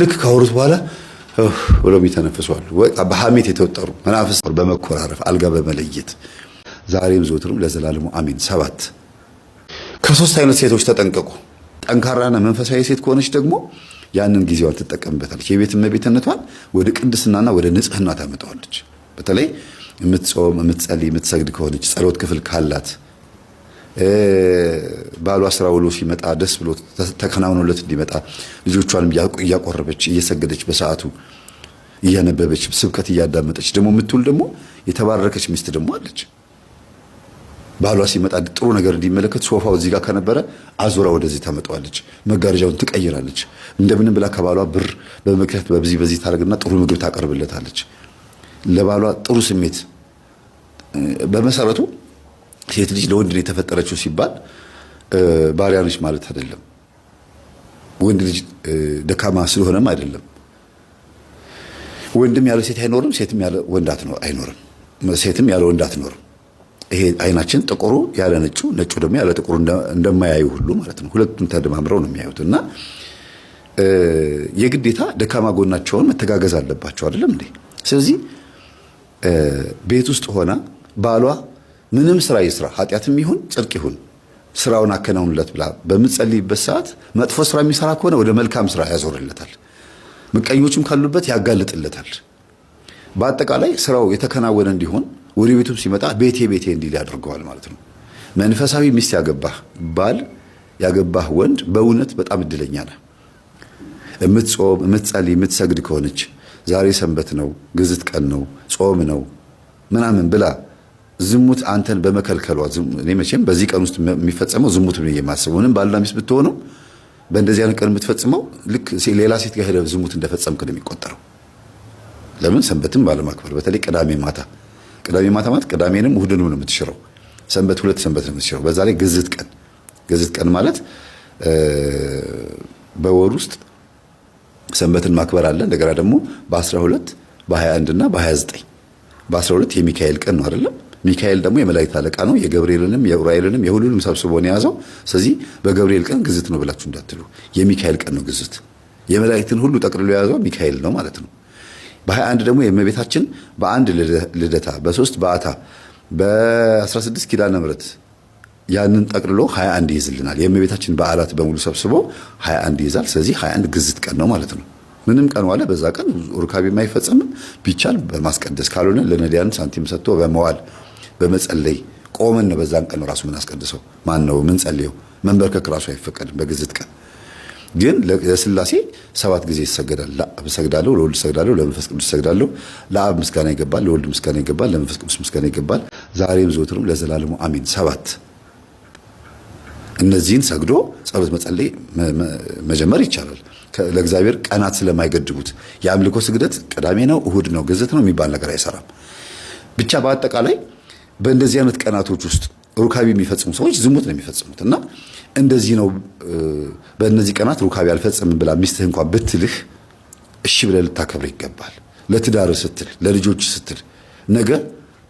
ልክ ካወሩት በኋላ ብለው የሚተነፍሷሉ። በሐሜት የተወጠሩ መናፍስ በመኮራረፍ አልጋ በመለየት ዛሬም ዘወትርም ለዘላለሙ አሜን። ሰባት ከሶስት አይነት ሴቶች ተጠንቀቁ። ጠንካራና መንፈሳዊ ሴት ከሆነች ደግሞ ያንን ጊዜዋን ትጠቀምበታለች። የቤት እመቤትነቷን ወደ ቅድስናና ወደ ንጽህና ታመጣዋለች። በተለይ የምትጾም የምትጸልይ የምትሰግድ ከሆነች ጸሎት ክፍል ካላት ባሏ ስራ ውሎ ሲመጣ ደስ ብሎ ተከናውኖለት እንዲመጣ ልጆቿንም እያቆረበች እየሰገደች በሰዓቱ እያነበበች ስብከት እያዳመጠች ደግሞ የምትውል ደግሞ የተባረከች ሚስት ደግሞ አለች። ባሏ ሲመጣ ጥሩ ነገር እንዲመለከት ሶፋው እዚህ ጋር ከነበረ አዙራ ወደዚህ ታመጣዋለች። መጋረጃውን ትቀይራለች። እንደምንም ብላ ከባሏ ብር በመክፈት በዚህ በዚህ ታደርግና ጥሩ ምግብ ታቀርብለታለች። ለባሏ ጥሩ ስሜት በመሰረቱ ሴት ልጅ ለወንድ ነው የተፈጠረችው ሲባል ባሪያ ነች ማለት አይደለም። ወንድ ልጅ ደካማ ስለሆነም አይደለም። ወንድም ያለ ሴት አይኖርም፣ ሴትም ያለ ወንድ አይኖርም፣ ሴትም ያለ ወንድ አትኖርም። ይሄ አይናችን ጥቁሩ ያለ ነጩ፣ ነጩ ደግሞ ያለ ጥቁሩ እንደማያዩ ሁሉ ማለት ነው። ሁለቱም ተደማምረው ነው የሚያዩት እና የግዴታ ደካማ ጎናቸውን መተጋገዝ አለባቸው አይደለም እንዴ? ስለዚህ ቤት ውስጥ ሆና ባሏ ምንም ስራ ይስራ፣ ኃጢአትም ይሁን ጽድቅ ይሁን ስራውን አከናውንለት ብላ በምትጸልይበት ሰዓት መጥፎ ስራ የሚሰራ ከሆነ ወደ መልካም ስራ ያዞርለታል። ምቀኞችም ካሉበት ያጋልጥለታል። በአጠቃላይ ስራው የተከናወነ እንዲሆን ወደ ቤቱም ሲመጣ ቤቴ ቤቴ እንዲል ያደርገዋል ማለት ነው። መንፈሳዊ ሚስት ያገባህ ባል ያገባህ ወንድ በእውነት በጣም እድለኛ ነህ። የምትጾም የምትጸልይ፣ የምትሰግድ ከሆነች ዛሬ ሰንበት ነው፣ ግዝት ቀን ነው፣ ጾም ነው ምናምን ብላ ዝሙት አንተን በመከልከሏ እኔ መቼም በዚህ ቀን ውስጥ የሚፈጸመው ዝሙት ነው የማስበው። ምንም ባልና ሚስት ብትሆኑ በእንደዚህ አይነት ቀን የምትፈጽመው ልክ ሌላ ሴት ጋር ሄደህ ዝሙት እንደፈጸምክ ነው የሚቆጠረው። ለምን ሰንበትም ባለማክበር፣ በተለይ ቅዳሜ ማታ ቅዳሜ ማታ ማለት ቅዳሜንም እሁድንም ነው የምትሽረው። ሰንበት ሁለት ሰንበት ነው የምትሽረው። በዛ ላይ ግዝት ቀን ግዝት ቀን ማለት በወር ውስጥ ሰንበትን ማክበር አለ። እንደገና ደግሞ በ12 በ21 እና በ29 በ12 የሚካኤል ቀን ነው አይደለም ሚካኤል ደግሞ የመላእክት አለቃ ነው። የገብርኤልንም የዑራኤልንም የሁሉንም ሰብስቦን የያዘው። ስለዚህ በገብርኤል ቀን ግዝት ነው ብላችሁ እንዳትሉ፣ የሚካኤል ቀን ነው ግዝት። የመላእክትን ሁሉ ጠቅልሎ የያዘው ሚካኤል ነው ማለት ነው። በ አንድ ደግሞ የእመቤታችን በአንድ ልደታ፣ በሶስት በዓታ፣ በ16 ኪዳነ ምሕረት ያንን ጠቅልሎ 21 ይይዝልናል። የእመቤታችን በዓላት በሙሉ ሰብስቦ 21 ይይዛል። ስለዚህ 21 ግዝት ቀን ነው ማለት ነው። ምንም ቀን ዋለ በዛ ቀን ሩካቤ የማይፈጸምም ቢቻል በማስቀደስ ካልሆነ ለነዳያን ሳንቲም ሰጥቶ በመዋል በመጸለይ ቆመን ነው በዛን ቀን ራሱ የምናስቀድሰው። ማን ነው የምንጸልየው? መንበርከክ ራሱ አይፈቀድም በግዝት ቀን። ግን ለስላሴ ሰባት ጊዜ ይሰገዳል። ለአብ እሰግዳለሁ፣ ለወልድ እሰግዳለሁ፣ ለመንፈስ ቅዱስ እሰግዳለሁ። ለአብ ምስጋና ይገባል፣ ለወልድ ምስጋና ይገባል፣ ለመንፈስ ቅዱስ ምስጋና ይገባል፣ ዛሬም ዘወትርም ለዘላለሙ አሚን ሰባት እነዚህን ሰግዶ ጸሎት መጸለይ መጀመር ይቻላል። ለእግዚአብሔር ቀናት ስለማይገድቡት የአምልኮ ስግደት ቅዳሜ ነው እሁድ ነው ግዝት ነው የሚባል ነገር አይሰራም። ብቻ በአጠቃላይ በእንደዚህ አይነት ቀናቶች ውስጥ ሩካቢ የሚፈጽሙ ሰዎች ዝሙት ነው የሚፈጽሙት። እና እንደዚህ ነው በእነዚህ ቀናት ሩካቢ አልፈጽምም ብላ ሚስትህ እንኳን ብትልህ እሺ ብለህ ልታከብር ይገባል። ለትዳር ስትል፣ ለልጆች ስትል ነገ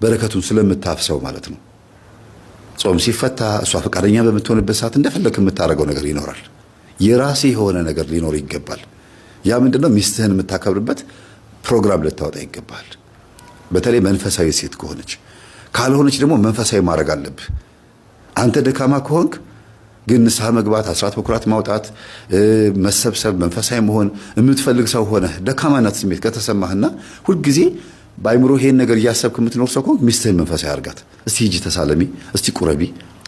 በረከቱን ስለምታፍሰው ማለት ነው። ጾም ሲፈታ እሷ ፈቃደኛ በምትሆንበት ሰዓት እንደፈለግ የምታደርገው ነገር ይኖራል። የራሴ የሆነ ነገር ሊኖር ይገባል። ያ ምንድነው? ሚስትህን የምታከብርበት ፕሮግራም ልታወጣ ይገባል። በተለይ መንፈሳዊ ሴት ከሆነች ካልሆነች ደግሞ መንፈሳዊ ማድረግ አለብህ። አንተ ደካማ ከሆንክ ግን ንስሐ መግባት፣ አስራት በኩራት ማውጣት፣ መሰብሰብ፣ መንፈሳዊ መሆን የምትፈልግ ሰው ሆነ ደካማነት ስሜት ከተሰማህና ሁልጊዜ በአይምሮ ይሄን ነገር እያሰብክ የምትኖር ሰው ከሆንክ ሚስትህን መንፈሳዊ አድርጋት። እስቲ ሂጂ ተሳለሚ፣ እስቲ ቁረቢ፣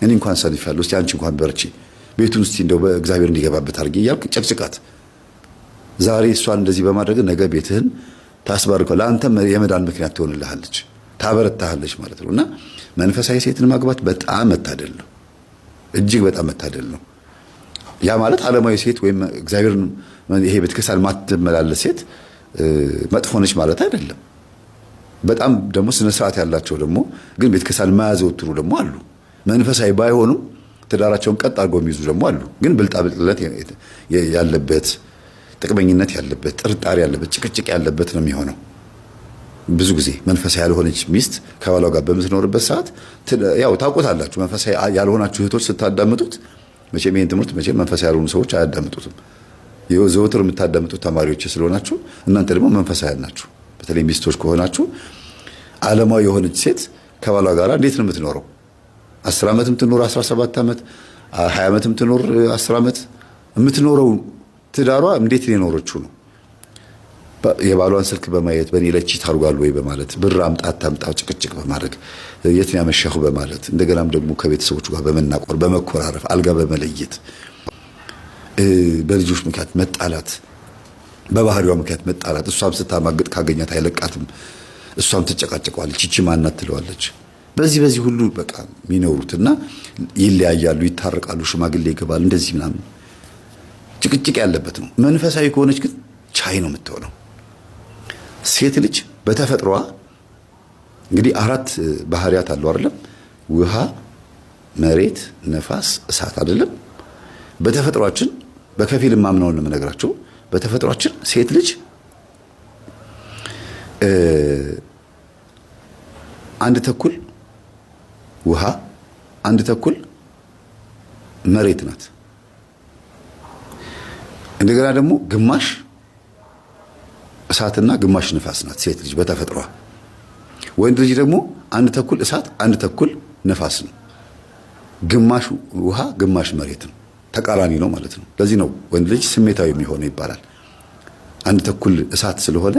እኔ እንኳን ሰንፌያለሁ፣ እስቲ አንቺ እንኳን በርቺ፣ ቤቱን እስቲ እንደው በእግዚአብሔር እንዲገባበት አድርጊ እያልክ ጨቅጭቃት። ዛሬ እሷን እንደዚህ በማድረግ ነገ ቤትህን ታስባርከው፣ ለአንተም የመዳን ምክንያት ትሆንልሃለች። ታበረታሃለች ማለት ነው እና መንፈሳዊ ሴትን ማግባት በጣም መታደል ነው። እጅግ በጣም መታደል ነው። ያ ማለት ዓለማዊ ሴት ወይም እግዚአብሔር ይሄ ቤተክርስቲያን ማትመላለስ ሴት መጥፎ ነች ማለት አይደለም። በጣም ደግሞ ስነ ስርዓት ያላቸው ደግሞ ግን ቤተክርስቲያን የማያዘወትሩ ደግሞ አሉ። መንፈሳዊ ባይሆኑም ትዳራቸውን ቀጥ አድርገው የሚይዙ ደግሞ አሉ። ግን ብልጣብልጥነት ያለበት ጥቅመኝነት ያለበት ጥርጣሬ ያለበት ጭቅጭቅ ያለበት ነው የሚሆነው። ብዙ ጊዜ መንፈሳዊ ያልሆነች ሚስት ከባሏ ጋር በምትኖርበት ሰዓት ያው ታውቆታላችሁ። መንፈሳዊ ያልሆናችሁ እህቶች ስታዳምጡት መቼም ይህን ትምህርት መቼም መንፈሳዊ ያልሆኑ ሰዎች አያዳምጡትም። ዘውትር የምታዳምጡት ተማሪዎች ስለሆናችሁ እናንተ ደግሞ መንፈሳዊ ናችሁ። በተለይ ሚስቶች ከሆናችሁ ዓለማዊ የሆነች ሴት ከባሏ ጋር እንዴት ነው የምትኖረው? አስር ዓመትም ትኖር አስራ ሰባት ዓመት ሀያ ዓመትም ትኖር አስር ዓመት የምትኖረው ትዳሯ እንዴት የኖረችው ነው የባሏን ስልክ በማየት በእኔ ላይ ቺት አድርጓል ወይ በማለት ብር አምጣ አታምጣ ጭቅጭቅ በማድረግ የትን ያመሸሁ በማለት እንደገናም ደግሞ ከቤተሰቦቹ ጋር በመናቆር በመኮራረፍ አልጋ በመለየት በልጆች ምክንያት መጣላት በባህሪዋ ምክንያት መጣላት እሷም ስታማግጥ ካገኛት አይለቃትም እሷም ትጨቃጨቀዋለች ቺቺ ማናት ትለዋለች በዚህ በዚህ ሁሉ በቃ የሚኖሩትና ይለያያሉ ይታረቃሉ ሽማግሌ ይገባል እንደዚህ ምናምን ጭቅጭቅ ያለበት ነው መንፈሳዊ ከሆነች ግን ቻይ ነው የምትሆነው ሴት ልጅ በተፈጥሯ እንግዲህ አራት ባህሪያት አሉ አይደለም? ውሃ፣ መሬት፣ ነፋስ፣ እሳት አይደለም? በተፈጥሯችን በከፊል ማምነውን ነው የምነግራቸው። በተፈጥሯችን ሴት ልጅ አንድ ተኩል ውሃ፣ አንድ ተኩል መሬት ናት። እንደገና ደግሞ ግማሽ እሳትና ግማሽ ነፋስ ናት ሴት ልጅ በተፈጥሯ። ወንድ ልጅ ደግሞ አንድ ተኩል እሳት አንድ ተኩል ነፋስ ነው። ግማሽ ውሃ ግማሽ መሬት ነው። ተቃራኒ ነው ማለት ነው። ለዚህ ነው ወንድ ልጅ ስሜታዊ የሚሆነው ይባላል። አንድ ተኩል እሳት ስለሆነ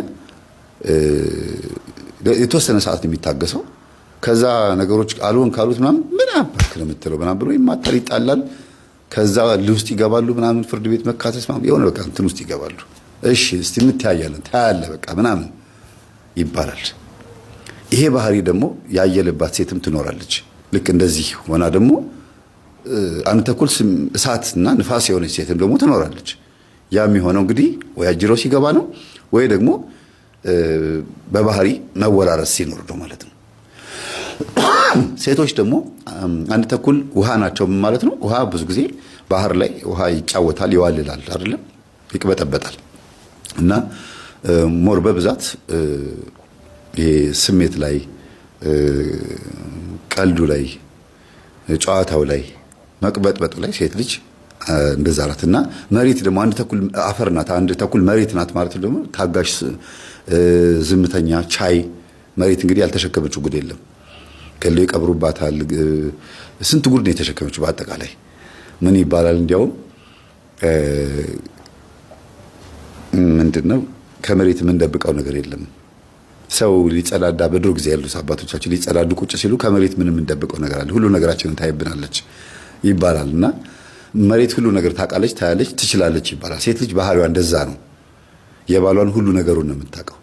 የተወሰነ ሰዓት ነው የሚታገሰው። ከዛ ነገሮች አልሆን ካሉት ምናምን ምናምን ለምትለው ምናምን ብሎ ይማታል፣ ይጣላል። ከዛ ልውስጥ ይገባሉ ምናምን ፍርድ ቤት መካሰስ የሆነ በቃ እንትን ውስጥ ይገባሉ። እሺ እስቲ እንተያያለን ታያለ በቃ ምናምን ይባላል። ይሄ ባህሪ ደግሞ ያየለባት ሴትም ትኖራለች። ልክ እንደዚህ ሆና ደግሞ አንድ ተኩል እሳትና ንፋስ የሆነች ሴትም ደግሞ ትኖራለች። ያ የሚሆነው እንግዲህ ወይ አጅሮ ሲገባ ነው ወይ ደግሞ በባህሪ መወራረስ ሲኖር ነው ማለት ነው። ሴቶች ደግሞ አንድ ተኩል ውሃ ናቸው ማለት ነው። ውሃ ብዙ ጊዜ ባህር ላይ ውሃ ይጫወታል፣ ይዋልላል፣ አይደለም ይቅበጠበጣል። እና ሞር በብዛት ይሄ ስሜት ላይ ቀልዱ ላይ ጨዋታው ላይ መቅበጥበጡ ላይ ሴት ልጅ እንደዛ ናት እና መሬት ደግሞ አንድ ተኩል አፈር ናት፣ አንድ ተኩል መሬት ናት ማለት ደግሞ ታጋሽ፣ ዝምተኛ፣ ቻይ መሬት እንግዲህ ያልተሸከመችው ጉድ የለም። ገሎ ይቀብሩባታል። ስንት ጉድ ነው የተሸከመችው። በአጠቃላይ ምን ይባላል እንዲያውም ምንድን ነው ከመሬት የምንደብቀው ነገር የለም። ሰው ሊጸዳዳ በድሮ ጊዜ ያሉት አባቶቻችን ሊጸዳዱ ቁጭ ሲሉ ከመሬት ምን የምንደብቀው ነገር አለ? ሁሉ ነገራችንን ታይብናለች ይባላል እና መሬት ሁሉ ነገር ታውቃለች፣ ታያለች፣ ትችላለች ይባላል። ሴት ልጅ ባህሪዋ እንደዛ ነው። የባሏን ሁሉ ነገሩን ነው የምታውቀው።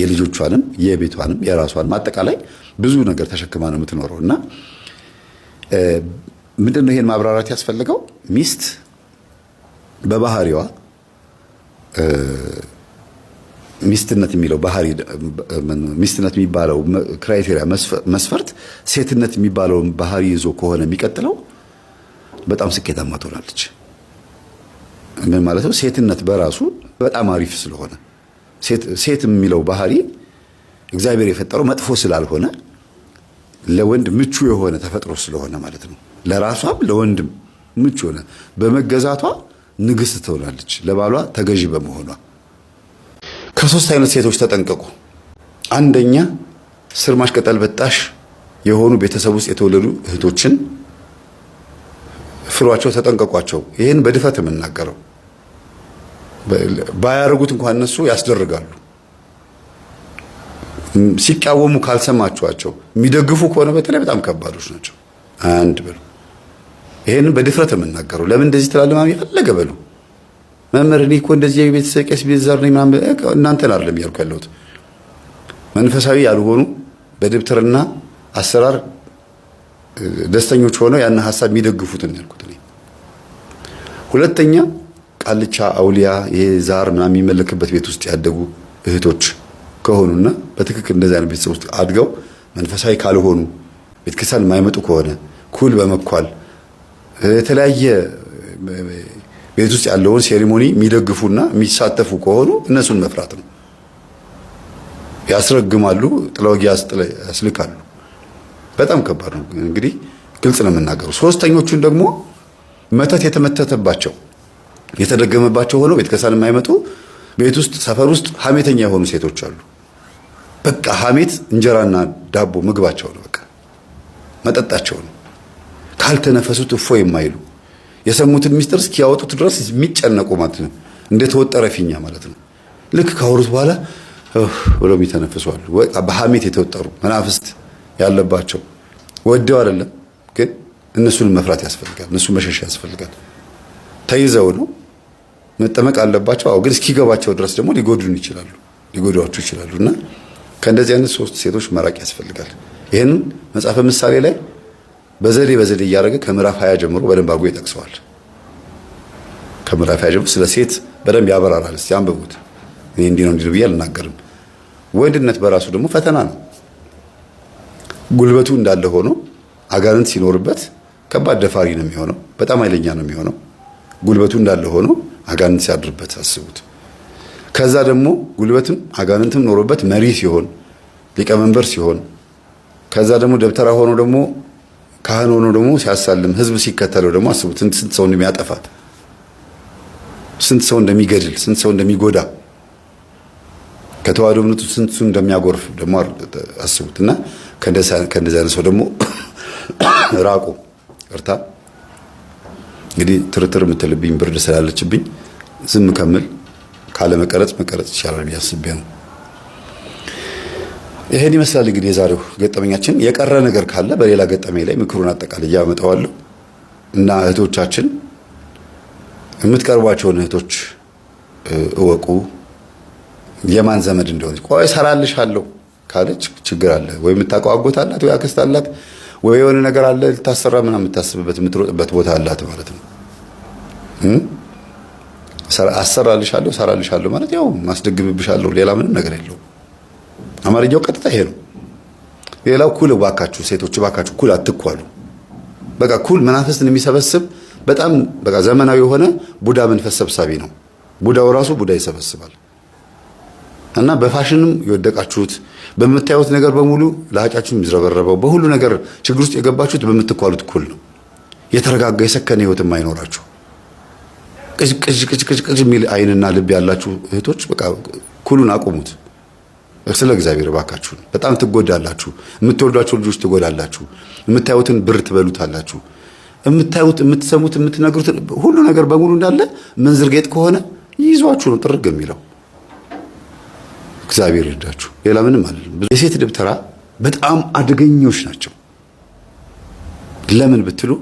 የልጆቿንም፣ የቤቷንም፣ የራሷንም አጠቃላይ ብዙ ነገር ተሸክማ ነው የምትኖረው እና ምንድነው ይሄን ማብራራት ያስፈልገው ሚስት በባህሪዋ ሚስትነት የሚለው ባህሪ ሚስትነት የሚባለው ክራይቴሪያ መስፈርት ሴትነት የሚባለውን ባህሪ ይዞ ከሆነ የሚቀጥለው በጣም ስኬታማ ትሆናለች። ምን ማለት ነው? ሴትነት በራሱ በጣም አሪፍ ስለሆነ ሴት የሚለው ባህሪ እግዚአብሔር የፈጠረው መጥፎ ስላልሆነ ለወንድ ምቹ የሆነ ተፈጥሮ ስለሆነ ማለት ነው። ለራሷም ለወንድም ምቹ የሆነ በመገዛቷ ንግስት ትሆናለች ለባሏ ተገዢ በመሆኗ። ከሶስት አይነት ሴቶች ተጠንቀቁ። አንደኛ ስር ማሽቀጠል በጣሽ የሆኑ ቤተሰብ ውስጥ የተወለዱ እህቶችን ፍሯቸው፣ ተጠንቀቋቸው። ይህን በድፈት የምናገረው ባያደርጉት እንኳን እነሱ ያስደርጋሉ። ሲቃወሙ ካልሰማችኋቸው የሚደግፉ ከሆነ በተለይ በጣም ከባዶች ናቸው። አንድ ብሎ ይሄንን በድፍረት የምናገሩ ለምን እንደዚህ ትላለህ ማሚ ፈለገ በሉ መምህር እኔ እኮ እንደዚህ የቤተሰብ ቄስ ቤተዘር ነኝ ምናምን እናንተን አይደለም እያልኩ ያለሁት መንፈሳዊ ያልሆኑ በድብትርና አሰራር ደስተኞች ሆነው ያን ሀሳብ የሚደግፉትን ያልኩት እኔ ሁለተኛ ቃልቻ አውሊያ ይሄ ዛር ምናምን የሚመለክበት ቤት ውስጥ ያደጉ እህቶች ከሆኑና በትክክል እንደዚህ አይነት ቤተሰብ ውስጥ አድገው መንፈሳዊ ካልሆኑ ቤተክርስቲያን የማይመጡ ከሆነ ኩል በመኳል የተለያየ ቤት ውስጥ ያለውን ሴሪሞኒ የሚደግፉና የሚሳተፉ ከሆኑ እነሱን መፍራት ነው። ያስረግማሉ፣ ጥለወጊ ያስልካሉ። በጣም ከባድ ነው። እንግዲህ ግልጽ ነው የምናገሩ። ሶስተኞቹን ደግሞ መተት የተመተተባቸው የተደገመባቸው ሆነው ቤተክርስቲያን የማይመጡ ቤት ውስጥ ሰፈር ውስጥ ሀሜተኛ የሆኑ ሴቶች አሉ። በቃ ሀሜት እንጀራና ዳቦ ምግባቸው ነው። በቃ መጠጣቸው ነው። ካልተነፈሱት እፎ የማይሉ የሰሙትን ሚስጥር እስኪያወጡት ድረስ የሚጨነቁ ማለት ነው። እንደተወጠረ ፊኛ ማለት ነው። ልክ ካወሩት በኋላ ብለው የሚተነፍሱ አሉ። በሐሜት የተወጠሩ መናፍስት ያለባቸው ወደው አይደለም ግን እነሱን መፍራት ያስፈልጋል። እነሱ መሸሽ ያስፈልጋል። ተይዘው ነው መጠመቅ አለባቸው። አዎ ግን እስኪገባቸው ድረስ ደግሞ ሊጎዱን ይችላሉ፣ ሊጎዷችሁ ይችላሉ እና ከእንደዚህ አይነት ሶስት ሴቶች መራቅ ያስፈልጋል። ይህንን መጽሐፈ ምሳሌ ላይ በዘዴ በዘዴ እያደረገ ከምዕራፍ ሀያ ጀምሮ በደንብ አድርጎ ይጠቅሰዋል። ከምዕራፍ ሀያ ጀምሮ ስለ ሴት በደንብ ያበራራል። እስቲ አንብቡት። እኔ እንዲህ ነው እንዲህ ብዬ አልናገርም። ወንድነት በራሱ ደግሞ ፈተና ነው። ጉልበቱ እንዳለ ሆኖ አጋንንት ሲኖርበት ከባድ ደፋሪ ነው የሚሆነው። በጣም ኃይለኛ ነው የሚሆነው። ጉልበቱ እንዳለ ሆኖ አጋንንት ሲያድርበት አስቡት። ከዛ ደግሞ ጉልበትም አጋንንትም ኖሮበት መሪ ሲሆን ሊቀመንበር ሲሆን ከዛ ደግሞ ደብተራ ሆኖ ደግሞ ካህን ሆኖ ደግሞ ሲያሳልም ህዝብ ሲከተለው ደግሞ አስቡት ስንት ሰው እንደሚያጠፋ፣ ስንት ሰው እንደሚገድል፣ ስንት ሰው እንደሚጎዳ ከተዋህዶ እምነቱ ስንት ሰው እንደሚያጎርፍ ደግሞ አስቡት። እና ከእንደዚያ አይነት ሰው ደግሞ ራቁ። እርታ እንግዲህ ትርትር የምትልብኝ ብርድ ስላለችብኝ ዝም ከምል ካለ መቀረጽ መቀረጽ ይቻላል ብዬ አስቤ ነው። ይሄን ይመስላል እንግዲህ የዛሬው ገጠመኛችን። የቀረ ነገር ካለ በሌላ ገጠመኝ ላይ ምክሩን አጠቃላይ እያመጣዋለሁ እና እህቶቻችን የምትቀርቧቸውን እህቶች እወቁ የማን ዘመድ እንደሆነች። ቆይ አለው ካለች ችግር አለ ወይ የምታውቀው አጎት አላት ወይ አክስት አላት ወይ የሆነ ነገር አለ ልታሰራ ምናምን የምታስብበት የምትሮጥበት ቦታ አላት ማለት ነው። ሰራልሽ አለው ማለት ያው ማስደግምብሻለሁ ሌላ ምንም ነገር የለውም። አማርኛው ቀጥታ ይሄ ነው። ሌላው ኩል እባካችሁ ሴቶች እባካችሁ ኩል አትኳሉ። በቃ ኩል መናፍስን የሚሰበስብ በጣም በቃ ዘመናዊ የሆነ ቡዳ መንፈስ ሰብሳቢ ነው። ቡዳው ራሱ ቡዳ ይሰበስባል። እና በፋሽንም የወደቃችሁት በምታዩት ነገር በሙሉ ለሀጫችሁ የሚዝረበረበው በሁሉ ነገር ችግር ውስጥ የገባችሁት በምትኳሉት ኩል ነው። የተረጋጋ የሰከነ ህይወትም አይኖራችሁ። ቅዥ ቅዥ ቅዥ ቅጅ የሚል አይንና ልብ ያላችሁ እህቶች በቃ ኩሉን አቁሙት። ስለ እግዚአብሔር እባካችሁን በጣም ትጎዳላችሁ። የምትወልዷቸው ልጆች ትጎዳላችሁ። የምታዩትን ብር ትበሉታላችሁ። የምታዩት፣ የምትሰሙት፣ የምትነግሩት ሁሉ ነገር በሙሉ እንዳለ መንዝር ጌጥ ከሆነ ይዟችሁ ነው ጥርግ የሚለው። እግዚአብሔር ይርዳችሁ። ሌላ ምንም አለ። የሴት ድብተራ በጣም አደገኞች ናቸው። ለምን ብትሉ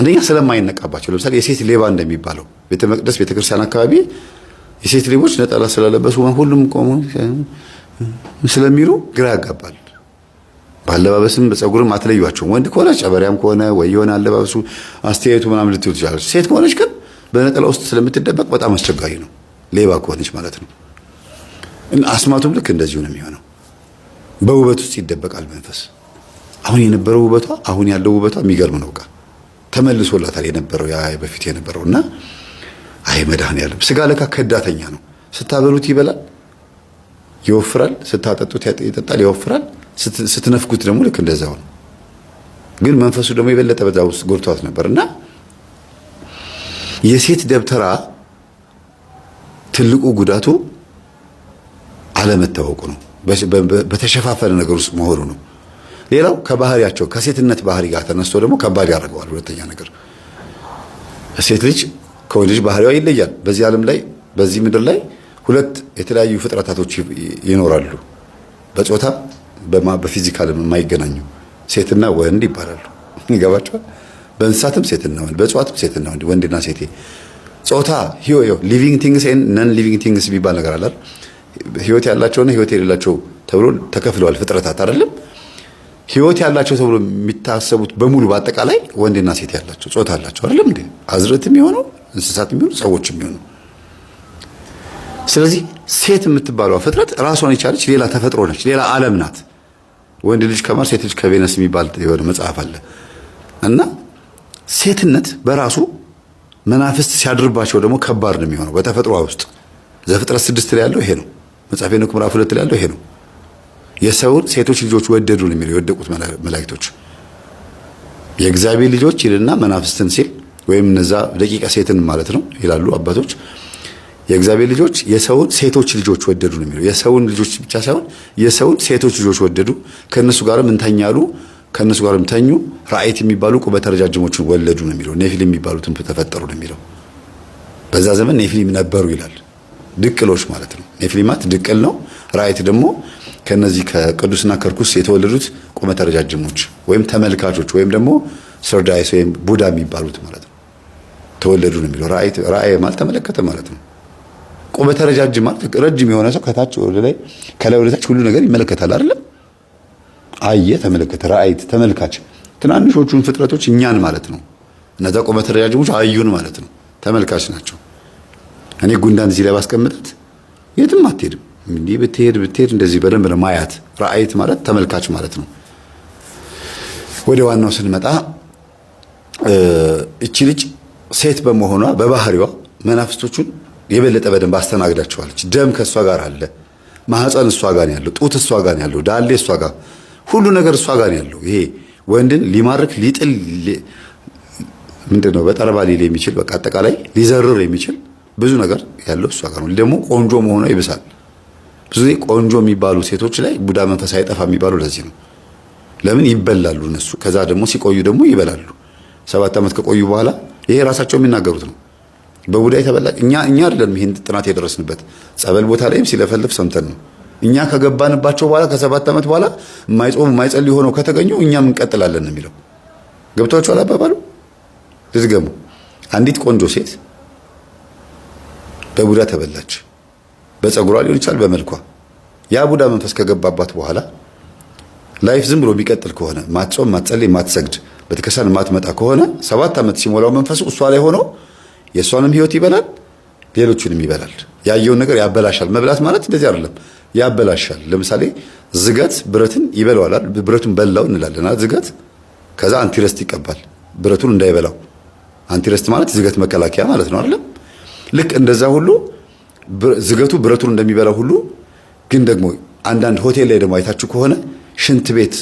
አንደኛ ስለማይነቃባቸው፣ ለምሳሌ የሴት ሌባ እንደሚባለው ቤተ መቅደስ ቤተክርስቲያን አካባቢ የሴት ሌቦች ነጠላ ስለለበሱ ሁሉም ቆሙ ስለሚሉ ግራ ያጋባል። በአለባበስም በፀጉርም አትለዩቸውም። ወንድ ከሆነ ጨበሪያም ከሆነ ወይ የሆነ አለባበሱ አስተያየቱ ምናምን ልትሉ ትችላለች። ሴት ከሆነች ግን በነጠላ ውስጥ ስለምትደበቅ በጣም አስቸጋሪ ነው፣ ሌባ ከሆነች ማለት ነው። አስማቱም ልክ እንደዚሁ ነው የሚሆነው። በውበት ውስጥ ይደበቃል መንፈስ። አሁን የነበረው ውበቷ አሁን ያለው ውበቷ የሚገርም ነው። በቃ ተመልሶላታል የነበረው ያ በፊት የነበረው እና አይ መድኃኒዓለም ስጋ ለካ ከዳተኛ ነው። ስታበሉት ይበላል ይወፍራል፣ ስታጠጡት ይጠጣል ይወፍራል፣ ስትነፍኩት ደግሞ ልክ እንደዛው ነው። ግን መንፈሱ ደግሞ የበለጠ በዛ ውስጥ ጎድቷት ነበር እና የሴት ደብተራ ትልቁ ጉዳቱ አለመታወቁ ነው። በተሸፋፈነ ነገር ውስጥ መሆኑ ነው። ሌላው ከባህሪያቸው ከሴትነት ባህሪ ጋር ተነስቶ ደግሞ ከባድ ያደርገዋል። ሁለተኛ ነገር ሴት ልጅ ከወንድ ልጅ ባህሪዋ ይለያል። በዚህ ዓለም ላይ በዚህ ምድር ላይ ሁለት የተለያዩ ፍጥረታቶች ይኖራሉ። በጾታ በፊዚካል የማይገናኙ ሴትና ወንድ ይባላሉ። ይገባቸዋል። በእንስሳትም ሴትና ወንድ፣ በእጽዋትም ሴትና ወንድ፣ ወንድና ሴቴ ጾታ ህዮ ሊቪንግ ቲንግስ ነን ሊቪንግ ቲንግስ የሚባል ነገር አለ። ህይወት ያላቸውና ህይወት የሌላቸው ተብሎ ተከፍለዋል ፍጥረታት አይደለም። ህይወት ያላቸው ተብሎ የሚታሰቡት በሙሉ በአጠቃላይ ወንድና ሴት ያላቸው ጾታ አላቸው አይደለም እንዴ? አዝርዕትም የሆነው እንስሳት የሚሆኑ ሰዎች የሚሆኑ። ስለዚህ ሴት የምትባለዋ ፍጥረት ራሷን የቻለች ሌላ ተፈጥሮ ነች፣ ሌላ ዓለም ናት። ወንድ ልጅ ከማር ሴት ልጅ ከቬነስ የሚባል የሆነ መጽሐፍ አለ እና ሴትነት በራሱ መናፍስት ሲያድርባቸው ደግሞ ከባድ ነው የሚሆነው በተፈጥሯ ውስጥ ዘፍጥረት ስድስት ላይ ያለው ይሄ ነው። መጽሐፈ ሄኖክ ምዕራፍ ሁለት ላይ ያለው ይሄ ነው። የሰውን ሴቶች ልጆች ወደዱ ነው የሚለው የወደቁት መላእክቶች የእግዚአብሔር ልጆች ይልና መናፍስትን ሲል ወይም እነዛ ደቂቀ ሴትን ማለት ነው ይላሉ አባቶች። የእግዚአብሔር ልጆች የሰውን ሴቶች ልጆች ወደዱ ነው የሚለው። የሰውን ልጆች ብቻ ሳይሆን የሰውን ሴቶች ልጆች ወደዱ፣ ከእነሱ ጋርም እንተኛሉ፣ ከእነሱ ጋርም ተኙ። ራእይት የሚባሉ ቁመተ ረጃጅሞችን ወለዱ ነው የሚለው። ኔፊሊም የሚባሉትን ተፈጠሩ ነው የሚለው። በዛ ዘመን ኔፊሊም ነበሩ ይላል። ድቅሎች ማለት ነው። ኔፊሊማት ድቅል ነው። ራእይት ደግሞ ከነዚህ ከቅዱስና ከርኩስ የተወለዱት ቁመተ ረጃጅሞች ወይም ተመልካቾች ወይም ደግሞ ሰርዳይስ ወይም ቡዳ የሚባሉት ማለት ነው። ተወለዱ ነው የሚለው። ራእይ ማለት ተመለከተ ማለት ነው። ቁመተ ረጃጅም ማለት ረጅም የሆነ ሰው ከታች ወደ ላይ ከላይ ወደ ታች ሁሉ ነገር ይመለከታል አይደለም። አየ ተመለከተ፣ ራእይ ተመልካች። ትናንሾቹን ፍጥረቶች እኛን ማለት ነው። እነዛ ቁመተ ረጃጅሞች አዩን ማለት ነው፣ ተመልካች ናቸው። እኔ ጉንዳን እዚህ ላይ የትም አትሄድም። እንዲህ ብትሄድ ብትሄድ እንደዚህ በደንብ ነው ማያት። ራእይት ማለት ተመልካች ማለት ነው። ወደ ዋናው ስንመጣ እቺ ልጅ ሴት በመሆኗ በባህሪዋ መናፍስቶቹን የበለጠ በደንብ አስተናግዳቸዋለች። ደም ከእሷ ጋር አለ። ማህፀን እሷ ጋር ያለው፣ ጡት እሷ ጋር ያለው፣ ዳሌ እሷ ጋር፣ ሁሉ ነገር እሷ ጋር ያለው ይሄ ወንድን ሊማርክ ሊጥል ምንድን ነው በጠረባ ሊል የሚችል በቃ አጠቃላይ ሊዘርር የሚችል ብዙ ነገር ያለው እሷ ጋር ነው። ደግሞ ቆንጆ መሆኗ ይብሳል። ብዙ ጊዜ ቆንጆ የሚባሉ ሴቶች ላይ ቡዳ መንፈስ አይጠፋ የሚባሉ ለዚህ ነው። ለምን ይበላሉ እነሱ። ከዛ ደግሞ ሲቆዩ ደግሞ ይበላሉ። ሰባት ዓመት ከቆዩ በኋላ ይሄ ራሳቸው የሚናገሩት ነው። በቡዳ የተበላ እኛ እኛ አይደለም ይሄን ጥናት የደረስንበት ጸበል ቦታ ላይም ሲለፈልፍ ሰምተን ነው። እኛ ከገባንባቸው በኋላ ከሰባት ዓመት በኋላ የማይጾም የማይጸል ሆነው ከተገኙ እኛም እንቀጥላለን ነው የሚለው። ገብቷችኋል አላባባሉ ልትገሙ። አንዲት ቆንጆ ሴት በቡዳ ተበላች። በጸጉሯ ሊሆን ይችላል፣ በመልኳ ያ ቡዳ መንፈስ ከገባባት በኋላ ላይፍ ዝም ብሎ የሚቀጥል ከሆነ ማትጾም፣ ማትጸልይ፣ ማትሰግድ በተከሳን ማትመጣ ከሆነ ሰባት ዓመት ሲሞላው መንፈሱ እሷ ላይ ሆኖ የእሷንም ህይወት ይበላል፣ ሌሎቹንም ይበላል። ያየውን ነገር ያበላሻል። መብላት ማለት እንደዚህ አይደለም፣ ያበላሻል። ለምሳሌ ዝገት ብረትን ይበላዋል። ብረቱን በላው እንላለና ዝገት ከዛ አንቲረስት ይቀባል ብረቱን እንዳይበላው። አንቲረስት ማለት ዝገት መከላከያ ማለት ነው አይደለም? ልክ እንደዛ ሁሉ ዝገቱ ብረቱን እንደሚበላው ሁሉ ግን ደግሞ አንዳንድ ሆቴል ላይ ደግሞ አይታችሁ ከሆነ ሽንት ቤት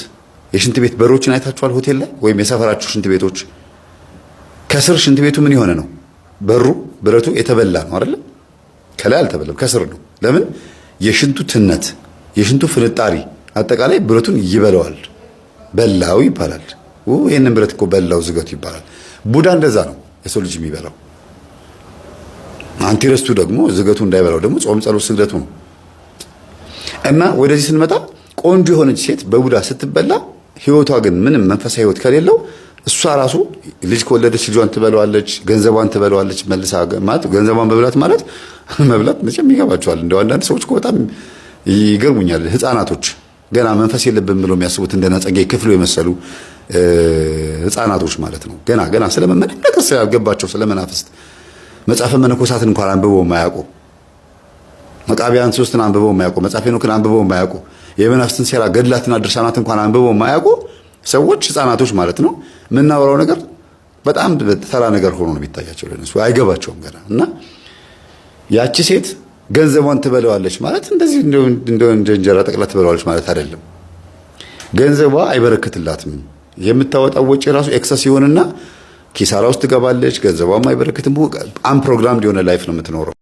የሽንት ቤት በሮችን አይታችኋል? ሆቴል ላይ ወይም የሰፈራችሁ ሽንት ቤቶች ከስር ሽንት ቤቱ ምን የሆነ ነው? በሩ ብረቱ የተበላ ነው አይደለ? ከላይ አልተበላም፣ ከስር ነው። ለምን? የሽንቱ ትነት የሽንቱ ፍንጣሪ አጠቃላይ ብረቱን ይበላዋል። በላው ይባላል። ይህንን ብረት እኮ በላው ዝገቱ ይባላል። ቡዳ እንደዛ ነው የሰው ልጅ የሚበላው። አንቲረስቱ ደግሞ ዝገቱ እንዳይበላው ደግሞ ጾም፣ ጸሎት፣ ስግደቱ ነው እና ወደዚህ ስንመጣ ቆንጆ የሆነች ሴት በቡዳ ስትበላ ህይወቷ ግን ምንም መንፈሳዊ ህይወት ከሌለው እሷ ራሱ ልጅ ከወለደች ልጇን ትበለዋለች፣ ገንዘቧን ትበለዋለች። መልሳ ማለት ገንዘቧን መብላት ማለት መብላት መቼም ይገባቸዋል። እንደው አንዳንድ ሰዎች በጣም ይገርሙኛል። ህፃናቶች ገና መንፈስ የለብን ብሎ የሚያስቡት እንደና ጸጋዬ ክፍሉ የመሰሉ ህፃናቶች ማለት ነው። ገና ገና ስለምንም ነገር ስላልገባቸው ስለመናፍስት መጽሐፈ መነኮሳትን እንኳን አንብበው የማያውቁ መቃቢያን ሶስትን አንብበው የማያውቁ መጽሐፈ ሄኖክን አንብበው የማያውቁ የመናፍስትን ሴራ ገድላትና ድርሳናት እንኳን አንብበው የማያውቁ ሰዎች ህፃናቶች ማለት ነው የምናወራው ነገር በጣም ተራ ነገር ሆኖ ነው የሚታያቸው። ለነሱ አይገባቸውም ገና እና ያቺ ሴት ገንዘቧን ትበለዋለች ማለት እንደዚህ እንደ እንጀራ ጠቅላ ትበለዋለች ማለት አይደለም። ገንዘቧ አይበረክትላትም። የምታወጣው ወጪ ራሱ ኤክሰስ ይሆንና ኪሳራ ውስጥ ትገባለች። ገንዘቧም አይበረክትም። አንፕሮግራምድ የሆነ ላይፍ ነው የምትኖረው።